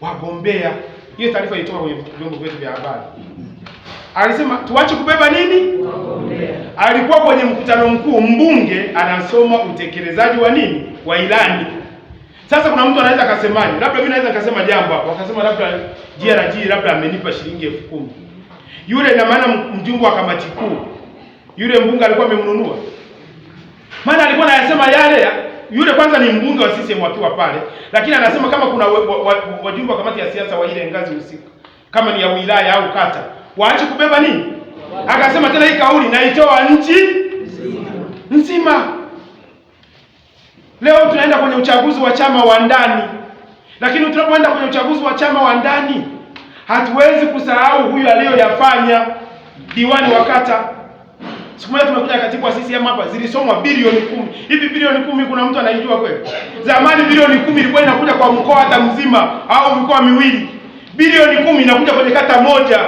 wagombea. Hiyo taarifa ilitoka kwenye vyombo vyetu vya habari. Alisema tuache kubeba nini? Wagombea. Alikuwa kwenye mkutano mkuu, mbunge anasoma utekelezaji wa nini, wa ilani. Sasa kuna mtu anaweza akasemaje? Labda mimi naweza nikasema jambo hapo, akasema labda JRG labda amenipa shilingi elfu kumi yule, ina maana mjumbe wa kamati kuu yule mbunge alikuwa amemnunua, maana alikuwa anayasema yale yule kwanza ni mbunge wa CCM akiwa pale, lakini anasema kama kuna wajumbe wa kamati ya siasa wa ile ngazi husika, kama ni ya wilaya au kata, waache kubeba nini. Akasema tena hii kauli naitoa nchi nzima. Leo tunaenda kwenye uchaguzi wa chama wa ndani, lakini tunapoenda kwenye uchaguzi wa chama wa ndani hatuwezi kusahau huyu aliyoyafanya diwani wa kata Siku moja tumekuja katibu wa CCM hapa zilisomwa bilioni kumi. Hivi bilioni kumi kuna mtu anaijua kweli? Zamani bilioni kumi ilikuwa inakuja kwa mkoa hata mzima au mikoa miwili. Bilioni kumi inakuja kwenye kata moja.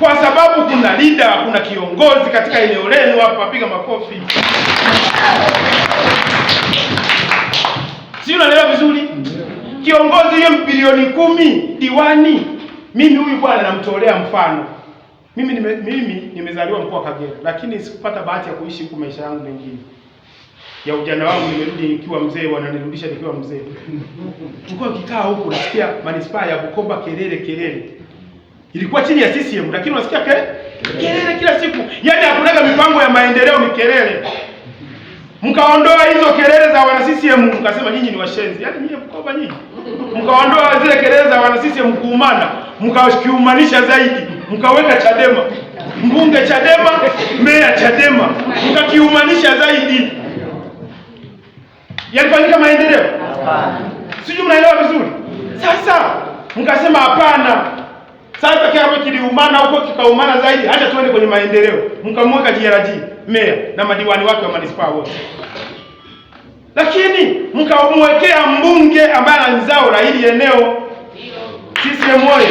Kwa sababu kuna lida, kuna kiongozi katika eneo lenu hapa, piga makofi. Si unaelewa vizuri? Kiongozi hiyo bilioni kumi diwani. Mimi huyu bwana namtolea mfano. Mimi nime, mimi nimezaliwa mkoa wa Kagera, lakini sikupata bahati ya kuishi huko maisha yangu mengine ya ujana wangu. Nimerudi nikiwa mzee, wananirudisha nikiwa mzee. Tulikuwa kikaa huko, nasikia manispaa ya Bukoba kelele kelele, ilikuwa chini ya CCM, lakini unasikia ke kelele kila siku, yaani hakunaga mipango ya maendeleo, ni kelele. Mkaondoa hizo kelele za wana CCM, mkasema nyinyi ni washenzi, yaani nyinyi Bukoba nyinyi, mkaondoa zile kelele za wana CCM kuumana, mkakiumanisha zaidi mkaweka Chadema, mbunge Chadema, meya Chadema, mkakiumanisha zaidi, yalifanyika maendeleo? Sijui mnaelewa vizuri. Sasa mkasema hapana, sasa kiapo kiliumana huko kikaumana zaidi, hata tuende kwenye maendeleo, mkamweka JRG meya na madiwani wake wa manispaa wote lakini mkamwekea mbunge ambaye anamzao la hili eneo. Sisi moyo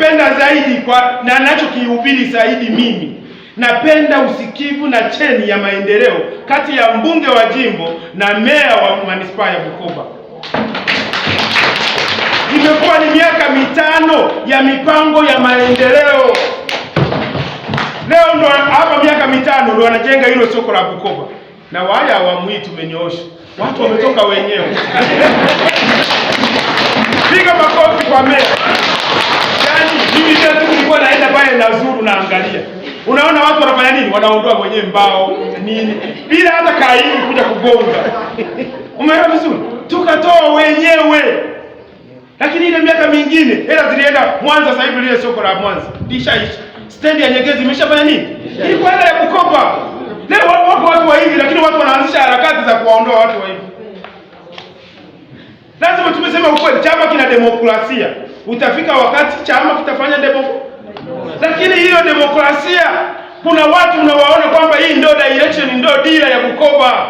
ninachokipenda zaidi kwa na ninachokihubiri zaidi mimi napenda usikivu na cheni ya maendeleo kati ya mbunge wa jimbo na meya wa manispaa ya Bukoba. Imekuwa ni miaka mitano ya mipango ya maendeleo. Leo ndo hapa, miaka mitano ndo wanajenga hilo soko la Bukoba, na waya awamu tumenyoosha, watu wametoka wenyewe. Piga makofi kwa meya. Mimi sasa tu nilikuwa naenda pale na zuru naangalia. Unaona watu wanafanya nini? Wanaondoa mwenyewe mbao nini bila hata kaini kuja kugonga. Umeona vizuri? Tukatoa wenyewe. Lakini ile miaka mingine hela zilienda Mwanza. Sasa hivi lile soko la Mwanza lishaishi. Stendi ya Nyegezi imeshafanya nini? Ilikuwa hela ya kukopa. Leo wako watu wa hivi, lakini watu wanaanzisha harakati za kuwaondoa watu wa hivi. Lazima tumesema ukweli, chama kina demokrasia utafika wakati chama kitafanya demo. Lakini hiyo demokrasia, kuna watu unawaona kwamba hii ndio direction, ndio dira ya kukopa.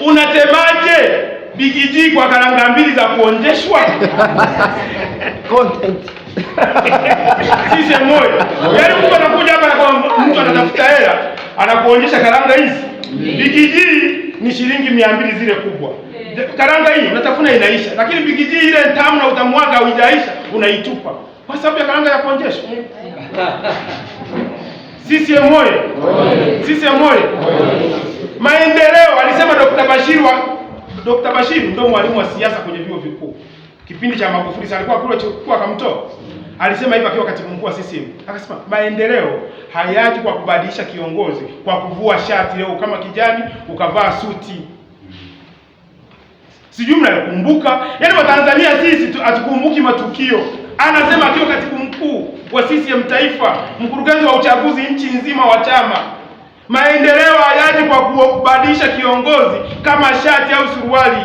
Unatemaje bigiji kwa karanga mbili za kuonjeshwa? Content sisi moyo. Yaani mtu anakuja hapa kwa mtu anatafuta hela, anakuonyesha karanga hizi. Bigiji ni shilingi mia mbili zile kubwa karanga hii unatafuna inaisha, lakini bigijii ile tamu na utamwaga huijaisha unaitupa kwa sababu ya karanga ya kuonjesha. Sisi moyo sisi moyo maendeleo, alisema Dr. Bashiru. Dr. Bashiru ndio mwalimu wa siasa kwenye vyuo vikuu kipindi cha Magufuli, alikuwa kule chukua akamtoa alisema hivi akiwa katibu mkuu wa CCM, akasema maendeleo hayaji kwa kubadilisha kiongozi kwa kuvua shati leo kama kijani ukavaa suti sijui mnakumbuka. Yaani Watanzania sisi hatukumbuki matukio. Anasema akiwa katibu mkuu wa CCM taifa, mkurugenzi wa uchaguzi nchi nzima wa chama, maendeleo hayaji kwa kubadilisha kiongozi kama shati au suruali.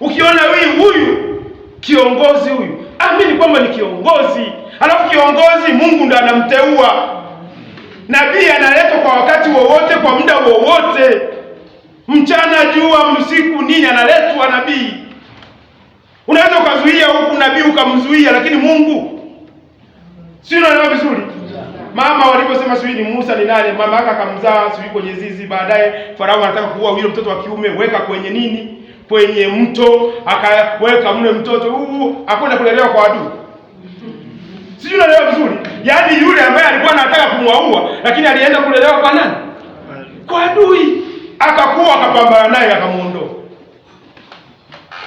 Ukiona wii huyu kiongozi huyu, amini kwamba ni kiongozi. Alafu kiongozi Mungu ndo anamteua, nabii analetwa kwa wakati wowote, kwa muda wowote mchana jua, msiku nini, analetwa nabii. Unaweza ukazuia huku nabii ukamzuia, lakini Mungu si unaelewa vizuri. Mama waliposema sijui ni Musa ni nani, mama yake akamzaa sijui kwenye zizi, baadaye Farao anataka kuua huyo mtoto wa kiume, weka kwenye nini, kwenye mto, akaweka mle mtoto huu akwenda kulelewa kwa adui. Sijui unaelewa vizuri, yaani yule ambaye alikuwa anataka kumwaua, lakini alienda kulelewa kwa nani? Kwa adui akakuwa akapambana naye akamuondoa.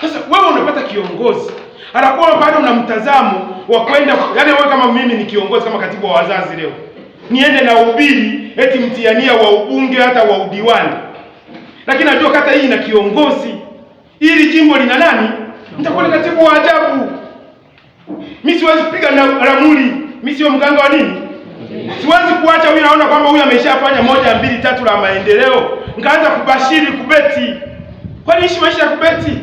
Sasa wewe unapata kiongozi anakuwa bado una mtazamo wa kwenda yaani, wewe kama mimi ni kiongozi kama katibu wa wazazi leo niende na ubili eti mtiania wa ubunge hata wa udiwani, lakini najua kata hii ina kiongozi, ili jimbo lina nani, nitakuwa ni katibu wa ajabu. Mimi siwezi kupiga ramuli, mimi sio mganga wa nini, siwezi kuacha huyu, naona kwamba huyu ameshafanya moja mbili tatu la maendeleo nikaanza kubashiri kubeti. Kwani ishi maisha ya kubeti?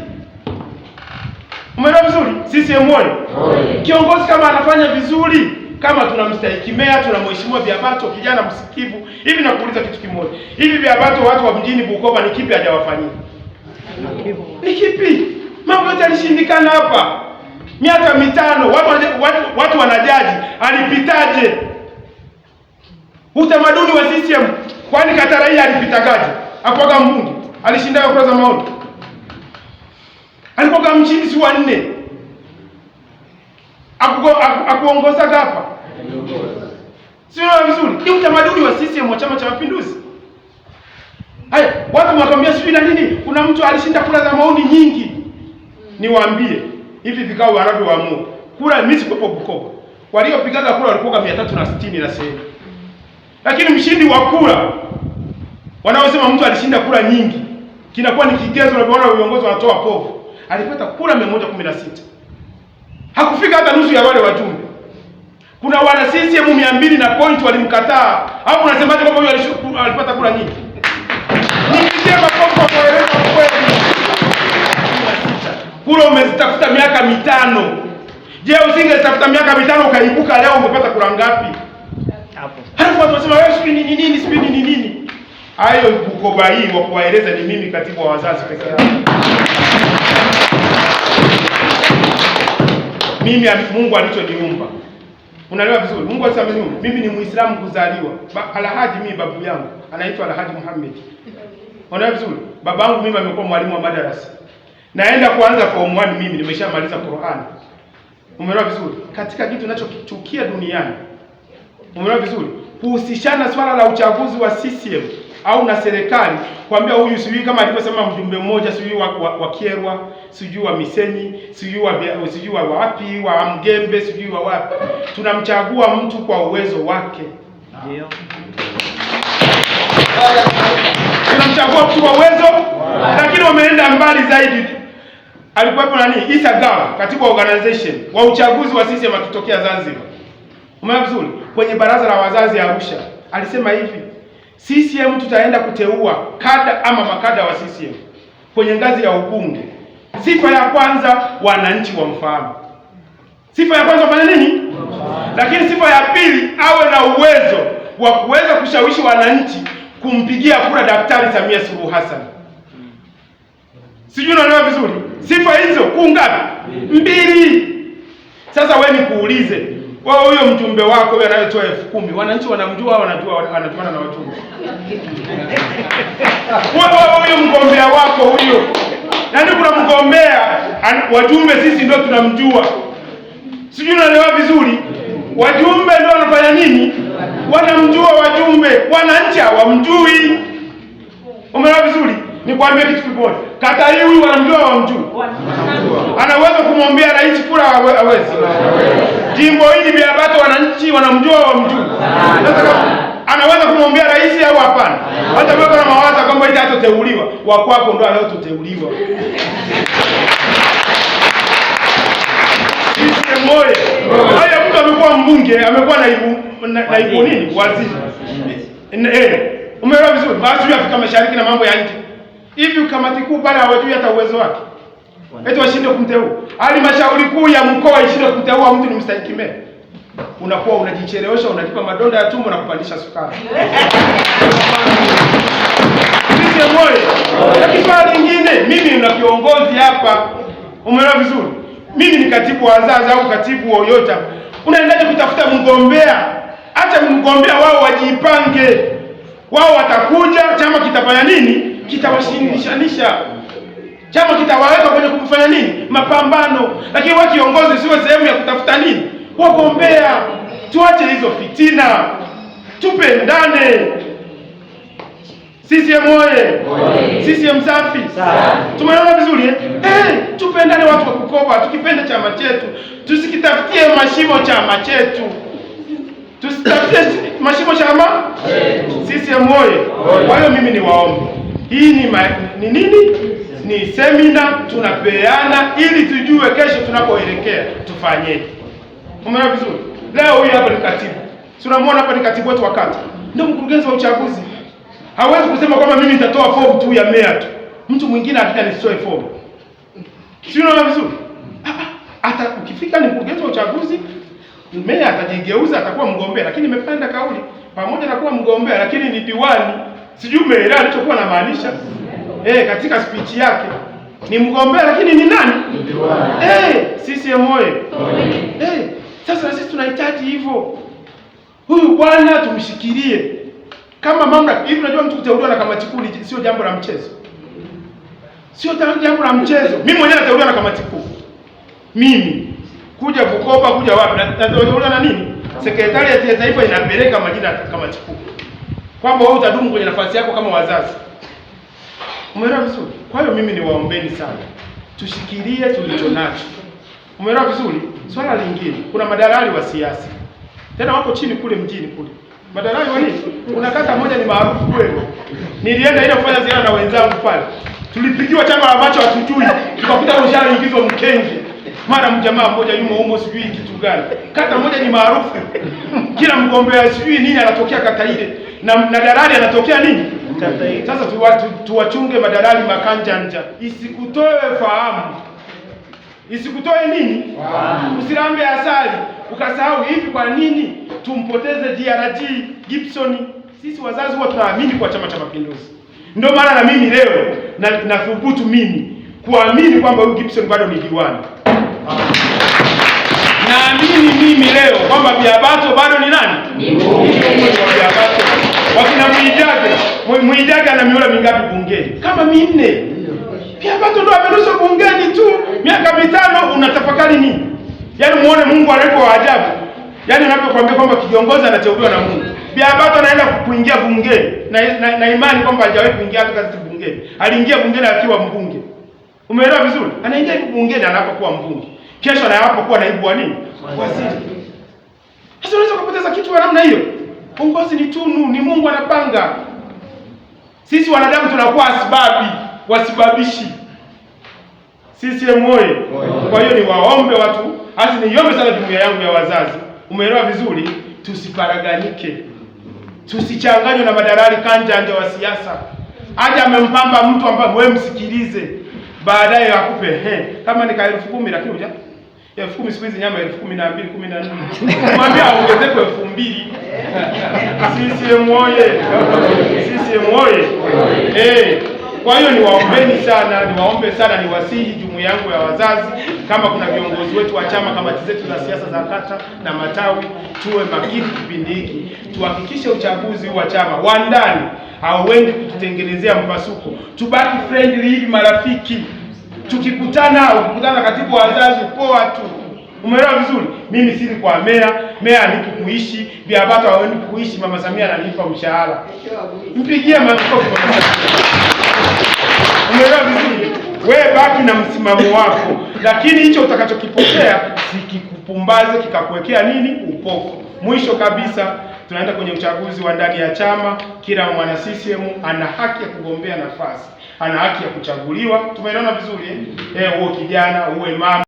Umeona vizuri? sisi e. oyee! Kiongozi kama anafanya vizuri, kama tunamstahiki meya, tunamheshimiwa Biabato, kijana msikivu. Hivi nakuuliza kitu kimoja, hivi Biabato watu wa mjini Bukoba ni kipi hajawafanyia? Ni kipi? Mambo yote alishindikana hapa miaka mitano, watu watu, watu wanajaji alipitaje? Utamaduni wa CCM kwani Kataraia alipita alipitagaje? Hakuwaga mbunge, alishinda kura za maoni. Alipoga mchini si wa nne. akuongoza hapa. Sio vizuri. Ni utamaduni wa CCM wa Chama cha Mapinduzi. Haya, watu wakwambia sijui na nini, kuna mtu alishinda kura za maoni nyingi. Niwaambie, hivi vikao wanavyoamua. Kura mimi sikuwepo Bukoba. Waliopigaga kura walikuwa 360 na sehemu. Lakini mshindi wa kura wanaosema mtu alishinda kura nyingi kinakuwa ni kigezo. Unavyoona viongozi wanatoa povu, alipata kura 116 hakufika hata nusu ya wale wajumbe. Kuna wana CCM mia mbili na point walimkataa, au unasemaje kwamba huyo alipata kura nyingi? Nipigie makofi kwa kueleza kweli. Kura umezitafuta miaka mitano. Je, usingetafuta miaka mitano ukaibuka leo ungepata kura ngapi? sijui ni nini, sijui ni nini. Hayo Bukoba hii wa kuwaeleza ni mimi katibu wa wazazi peke yangu. Mimi Mungu alichoniumba. Unaelewa vizuri? Mungu alisema mimi ni Muislamu kuzaliwa. Ba, Alhaji mimi babu yangu anaitwa Alhaji Muhammad. Unaelewa vizuri? Babangu mimi amekuwa mwalimu wa madarasa. Naenda kuanza form 1 mimi nimeshamaliza Qur'an. Umeelewa vizuri? Katika kitu ninachokichukia duniani. Umeelewa vizuri? kuhusishana swala la uchaguzi wa CCM au na serikali, kuambia huyu sijui kama alivyosema mjumbe mmoja sijui wa, wa, wa Kierwa sijui wa Miseni sijui wa sijui wa wapi wa Mgembe sijui wa wapi. Tunamchagua mtu kwa uwezo wake, tunamchagua mtu kwa uwezo wow. Lakini wameenda mbali zaidi alikuwepo nani Isa Gawa, katibu wa organization wa uchaguzi wa CCM akitokea Zanzibar. Umeona vizuri? kwenye baraza la wazazi Arusha alisema hivi, CCM tutaenda kuteua kada ama makada wa CCM kwenye ngazi ya ubunge. Sifa ya kwanza wananchi wamfahamu. Sifa ya kwanza fanya nini? Lakini sifa ya pili awe na uwezo wa kuweza kushawishi wananchi kumpigia kura Daktari Samia Suluhu Hassan. Sijui unaelewa vizuri. Sifa hizo kuu ngapi? Mbili. Sasa wewe nikuulize kwa hiyo huyo mjumbe wako huyo anayetoa elfu kumi wananchi wanamjua, wanajua wanajuana na Kwa wachunga. Huyo mgombea wako huyo, yaani kuna mgombea wajumbe sisi ndio tunamjua, sijui unaelewa vizuri. Wajumbe ndio wanafanya nini? Wanamjua wajumbe, wananchi hawamjui. Umeelewa vizuri? Nikwambie kitu kimoja, kata hii huyu wanamjua, hawamjui. Anaweza uwezo kumwambia rais kula, hawezi Jimbo hili Biabati wananchi wanamjua wamjua. Sasa anaweza kumwombea rais au hapana? Hata baba kuna mawaza kwamba ili atoteuliwa wa kwako ndo anayoteuliwa. Haya mtu amekuwa mbunge, amekuwa naibu naibu nini? Waziri. Eh. Umeelewa vizuri? Basi Afrika Mashariki na mambo ya nje. Hivi kamati kuu pale hawajui hata uwezo wake. Eti washinde kumteua. Halmashauri kuu ya mkoa ishinde kumteua mtu ni mstahiki meya. Unakuwa unajichelewesha, unajipa madonda ya tumbo na kupandisha sukari. Sisi moyo. Na kifaa kingine, mimi na viongozi hapa. Umeona vizuri? Mimi ni katibu wa wazazi au katibu wa yoyota, Unaendaje kutafuta mgombea? Hata mgombea wao wajipange. Wao watakuja, chama kitafanya nini? kitawashindishanisha chama kitawaweka kwenye kufanya nini, mapambano. Lakini wewe kiongozi, siwe sehemu ya kutafuta nini, wagombea. Tuache hizo fitina, tupendane. CCM oye! CCM safi, tumeona vizuri eh? Eh, tupendane watu wa Bukoba, tukipende chama chetu, tusikitafutie mashimo chama chetu tusitafutie mashimo chama CCM oye! Kwa hiyo mimi niwaombe, hii ni ma, ni nini ni semina tunapeana, ili tujue kesho tunapoelekea tufanyeje. Umeona vizuri? Leo huyu hapa ni katibu, si unamwona hapa ni katibu wetu wa kata, ndio mkurugenzi wa uchaguzi. Hawezi kusema kwamba mimi nitatoa fomu tu ya meya tu, mtu mwingine akija nisitoe fomu, si unaona vizuri? Hata ukifika ni mkurugenzi wa uchaguzi, meya atajigeuza, atakuwa mgombea, lakini nimepanda kauli pamoja na kuwa mgombea, lakini ni diwani. Sijui umeelewa alichokuwa anamaanisha eh, katika speech yake ni mgombea lakini ni nani? Eh, CCM oye! Eh, sasa sisi tunahitaji hivyo, huyu bwana tumshikilie kama mamlaka hivi. Unajua mtu kuteuliwa na kamati kuu sio jambo la mchezo, sio jambo la mchezo. Mimi mwenyewe nateuliwa na kamati kuu, mimi kuja Bukoba, kuja wapi, nateuliwa na nini? Sekretarieti ya Taifa inapeleka majina ya kamati kuu, kwamba wewe utadumu kwenye nafasi yako kama wazazi Umeelewa vizuri? Kwa hiyo mimi niwaombeni sana, tushikilie tulicho nacho. Umeelewa vizuri? Swala lingine, kuna madalali wa siasa tena wako chini kule mjini kule, madalali wa nini? Kuna kata moja ni maarufu kweli, nilienda ile kufanya ziara na wenzangu pale, tulipigiwa chama la macho hatujui, tukakuta ushaingizwa mkenge. Mara mjamaa mmoja yumo humo, sijui kitu gani. Kata moja ni maarufu, kila mgombea sijui nini anatokea kata ile, na, na dalali anatokea nini sasa tuwachunge madalali makanjanja, isikutoe fahamu, isikutoe nini? Fahamu. Usirambe asali ukasahau. Hivi kwa nini tumpoteze DRG Gibson? Sisi wazazi huwa tunaamini kwa Chama cha Mapinduzi, ndio maana na mimi leo na nathubutu mimi kuamini kwamba huyu Gibson bado ni diwani. Naamini mimi leo kwamba Biabato bado ni nani? Ni mmoja wa Biabato wakina Mwijaga. Mwijaga ana mihula mingapi bungeni? Kama minne. Pia watu ndio wamerushwa bungeni tu miaka mitano, unatafakari nini? Yaani muone Mungu wa ajabu. Yaani unapokuambia kwamba kiongozi anateuliwa na Mungu. Pia Bato anaenda kuingia bungeni na, na, na imani kwamba hajawahi kuingia hata kazi bungeni. Aliingia bungeni akiwa mbunge. Umeelewa vizuri? Anaingia bungeni anapokuwa mbunge. Kesho anapokuwa naibu wa nini? Waziri. Sasa unaweza kupoteza kitu wa namna hiyo. Uongozi ni tunu, ni Mungu anapanga. Sisi wanadamu tunakuwa asbabi, wasibabishi. CCM oye Kwa hiyo ni waombe watu hasi, niombe sana jumuiya yangu ya wazazi, umeelewa vizuri, tusiparaganyike, tusichanganywe na madalali kanjanja wa siasa. Aje amempamba mtu ambaye wewe msikilize, baadaye akupe he, kama ni elfu kumi lakini uja elfu kumi siku hizi nyama elfu kumi na mbili kumi na nne mwambia aongezeko elfu mbili CCM oye! CCM oye! Eh, kwa hiyo niwaombeni sana, niwaombe sana, niwasihi jumuiya yangu ya wazazi, kama kuna viongozi wetu wa chama, kamati zetu za siasa za kata na matawi, tuwe makini kipindi hiki, tuhakikishe uchaguzi wa chama wa ndani hauendi kututengenezea mpasuko, tubaki friendly hivi marafiki tukikutana, ukikutana katibu wa wazazi, poa tu. Umeelewa vizuri? Mimi siri kwa mea meya alipokuishi, viabata hawezi kuishi, mama Samia analipa mshahara. Mpigie makofi Umeelewa vizuri? Wewe baki na msimamo wako, lakini hicho utakachokipokea sikikupumbaze kikakuwekea nini upofu. Mwisho kabisa tunaenda kwenye uchaguzi wa ndani ya chama. Kila mwana CCM ana haki ya kugombea nafasi ana haki ya kuchaguliwa. Tumeelewana vizuri eh? Uwe kijana uwe mama